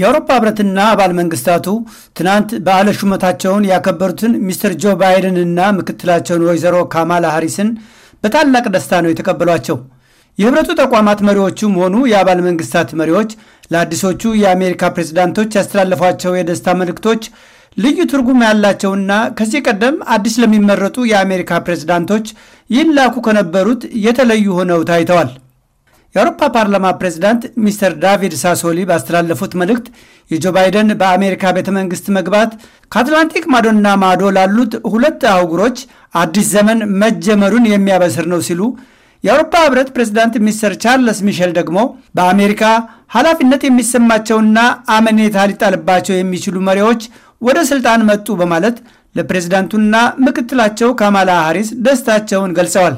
የአውሮፓ ህብረትና አባል መንግስታቱ ትናንት በዓለ ሹመታቸውን ያከበሩትን ሚስተር ጆ ባይደንና ምክትላቸውን ወይዘሮ ካማላ ሃሪስን በታላቅ ደስታ ነው የተቀበሏቸው። የህብረቱ ተቋማት መሪዎቹም ሆኑ የአባል መንግስታት መሪዎች ለአዲሶቹ የአሜሪካ ፕሬዝዳንቶች ያስተላለፏቸው የደስታ መልእክቶች ልዩ ትርጉም ያላቸውና ከዚህ ቀደም አዲስ ለሚመረጡ የአሜሪካ ፕሬዝዳንቶች ይላኩ ከነበሩት የተለዩ ሆነው ታይተዋል። የአውሮፓ ፓርላማ ፕሬዚዳንት ሚስተር ዳቪድ ሳሶሊ ባስተላለፉት መልእክት የጆ ባይደን በአሜሪካ ቤተ መንግስት መግባት ከአትላንቲክ ማዶና ማዶ ላሉት ሁለት አህጉሮች አዲስ ዘመን መጀመሩን የሚያበስር ነው ሲሉ የአውሮፓ ህብረት ፕሬዚዳንት ሚስተር ቻርለስ ሚሼል ደግሞ በአሜሪካ ኃላፊነት የሚሰማቸውና አመኔታ ሊጣልባቸው የሚችሉ መሪዎች ወደ ስልጣን መጡ በማለት ለፕሬዝዳንቱና ምክትላቸው ካማላ ሃሪስ ደስታቸውን ገልጸዋል።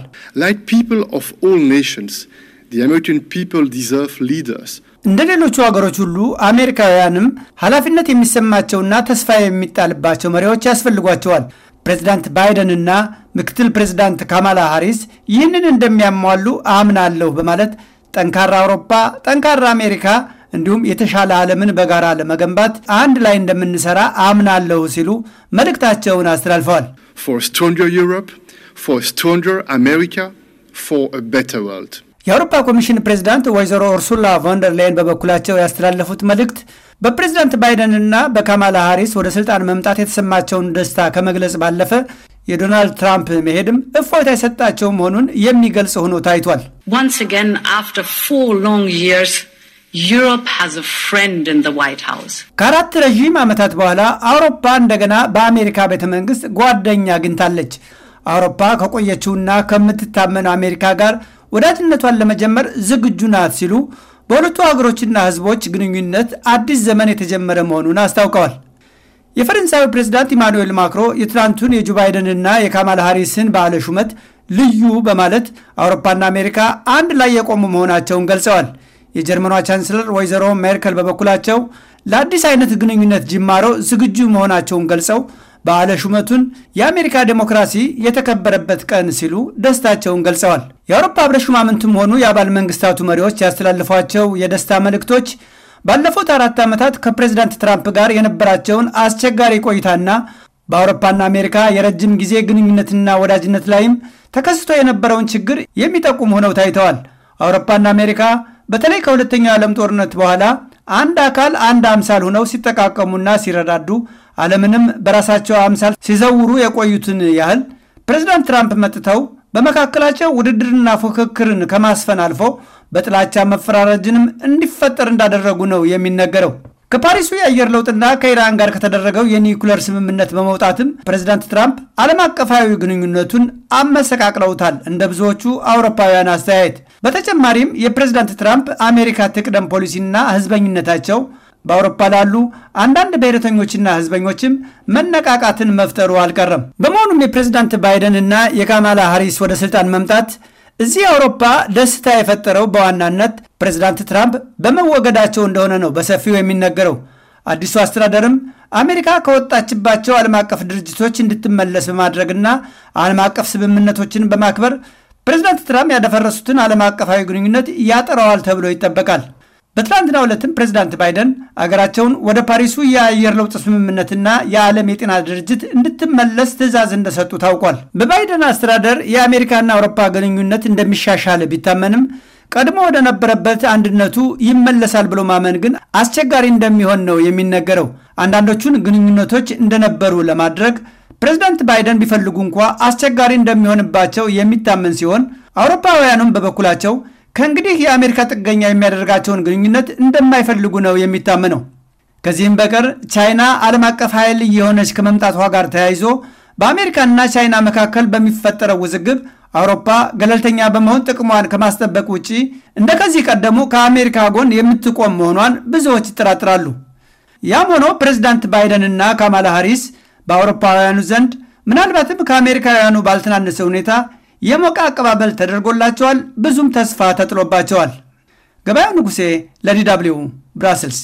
እንደ ሌሎቹ ሀገሮች ሁሉ አሜሪካውያንም ኃላፊነት የሚሰማቸውና ተስፋ የሚጣልባቸው መሪዎች ያስፈልጓቸዋል። ፕሬዚዳንት እና ምክትል ፕሬዚዳንት ካማላ ሃሪስ ይህንን እንደሚያሟሉ አምናለሁ በማለት ጠንካራ አውሮፓ፣ ጠንካራ አሜሪካ እንዲሁም የተሻለ ዓለምን በጋራ ለመገንባት አንድ ላይ እንደምንሰራ አምናለሁ ሲሉ መልእክታቸውን አስተላልፈዋል። ፎር ስትሮንገር ዩሮፕ ፎር ስትሮንገር አሜሪካ ፎር አ ወርልድ የአውሮፓ ኮሚሽን ፕሬዝዳንት ወይዘሮ ኡርሱላ ላይን በበኩላቸው ያስተላለፉት መልእክት በፕሬዝዳንት ባይደንና በካማላ ሃሪስ ወደ ስልጣን መምጣት የተሰማቸውን ደስታ ከመግለጽ ባለፈ የዶናልድ ትራምፕ መሄድም እፎይታ የሰጣቸው መሆኑን የሚገልጽ ሆኖ ታይቷል። ከአራት ረዥም ዓመታት በኋላ አውሮፓ እንደገና በአሜሪካ ቤተ መንግስት ጓደኛ አግኝታለች። አውሮፓ ከቆየችውና ከምትታመነው አሜሪካ ጋር ወዳጅነቷን ለመጀመር ዝግጁ ናት ሲሉ በሁለቱ ሀገሮችና ህዝቦች ግንኙነት አዲስ ዘመን የተጀመረ መሆኑን አስታውቀዋል። የፈረንሳዊ ፕሬዚዳንት ኢማኑኤል ማክሮ የትናንቱን የጆ ባይደንና የካማላ ሃሪስን በዓለ ሹመት ልዩ በማለት አውሮፓና አሜሪካ አንድ ላይ የቆሙ መሆናቸውን ገልጸዋል። የጀርመኗ ቻንስለር ወይዘሮ ሜርከል በበኩላቸው ለአዲስ አይነት ግንኙነት ጅማሮ ዝግጁ መሆናቸውን ገልጸው በዓለ ሹመቱን የአሜሪካ ዴሞክራሲ የተከበረበት ቀን ሲሉ ደስታቸውን ገልጸዋል። የአውሮፓ ህብረት ሹማምንትም ሆኑ የአባል መንግስታቱ መሪዎች ያስተላልፏቸው የደስታ መልእክቶች ባለፉት አራት ዓመታት ከፕሬዚዳንት ትራምፕ ጋር የነበራቸውን አስቸጋሪ ቆይታና በአውሮፓና አሜሪካ የረጅም ጊዜ ግንኙነትና ወዳጅነት ላይም ተከስቶ የነበረውን ችግር የሚጠቁም ሆነው ታይተዋል። አውሮፓና አሜሪካ በተለይ ከሁለተኛው ዓለም ጦርነት በኋላ አንድ አካል አንድ አምሳል ሆነው ሲጠቃቀሙና ሲረዳዱ ዓለምንም በራሳቸው አምሳል ሲዘውሩ የቆዩትን ያህል ፕሬዚዳንት ትራምፕ መጥተው በመካከላቸው ውድድርና ፉክክርን ከማስፈን አልፎ በጥላቻ መፈራረጅንም እንዲፈጠር እንዳደረጉ ነው የሚነገረው። ከፓሪሱ የአየር ለውጥና ከኢራን ጋር ከተደረገው የኒውክለር ስምምነት በመውጣትም ፕሬዚዳንት ትራምፕ ዓለም አቀፋዊ ግንኙነቱን አመሰቃቅለውታል፣ እንደ ብዙዎቹ አውሮፓውያን አስተያየት። በተጨማሪም የፕሬዚዳንት ትራምፕ አሜሪካ ትቅደም ፖሊሲና ህዝበኝነታቸው። በአውሮፓ ላሉ አንዳንድ ብሔረተኞችና ህዝበኞችም መነቃቃትን መፍጠሩ አልቀረም። በመሆኑም የፕሬዝዳንት ባይደንና የካማላ ሀሪስ ወደ ስልጣን መምጣት እዚህ አውሮፓ ደስታ የፈጠረው በዋናነት ፕሬዝዳንት ትራምፕ በመወገዳቸው እንደሆነ ነው በሰፊው የሚነገረው። አዲሱ አስተዳደርም አሜሪካ ከወጣችባቸው ዓለም አቀፍ ድርጅቶች እንድትመለስ በማድረግና ዓለም አቀፍ ስምምነቶችን በማክበር ፕሬዝዳንት ትራምፕ ያደፈረሱትን ዓለም አቀፋዊ ግንኙነት ያጠራዋል ተብሎ ይጠበቃል። በትላንትና ዕለትም ፕሬዚዳንት ባይደን አገራቸውን ወደ ፓሪሱ የአየር ለውጥ ስምምነትና የዓለም የጤና ድርጅት እንድትመለስ ትዕዛዝ እንደሰጡ ታውቋል። በባይደን አስተዳደር የአሜሪካና አውሮፓ ግንኙነት እንደሚሻሻል ቢታመንም ቀድሞ ወደ ነበረበት አንድነቱ ይመለሳል ብሎ ማመን ግን አስቸጋሪ እንደሚሆን ነው የሚነገረው። አንዳንዶቹን ግንኙነቶች እንደነበሩ ለማድረግ ፕሬዚዳንት ባይደን ቢፈልጉ እንኳ አስቸጋሪ እንደሚሆንባቸው የሚታመን ሲሆን አውሮፓውያኑም በበኩላቸው ከእንግዲህ የአሜሪካ ጥገኛ የሚያደርጋቸውን ግንኙነት እንደማይፈልጉ ነው የሚታመነው። ከዚህም በቀር ቻይና ዓለም አቀፍ ኃይል እየሆነች ከመምጣቷ ጋር ተያይዞ በአሜሪካና ቻይና መካከል በሚፈጠረው ውዝግብ አውሮፓ ገለልተኛ በመሆን ጥቅሟን ከማስጠበቅ ውጪ እንደ ከዚህ ቀደሙ ከአሜሪካ ጎን የምትቆም መሆኗን ብዙዎች ይጠራጥራሉ። ያም ሆኖ ፕሬዚዳንት ባይደን ካማላ ሃሪስ በአውሮፓውያኑ ዘንድ ምናልባትም ከአሜሪካውያኑ ባልተናነሰ ሁኔታ የሞቀ አቀባበል ተደርጎላቸዋል። ብዙም ተስፋ ተጥሎባቸዋል። ገበያው ንጉሴ ለዲ ደብልዩ ብራስልስ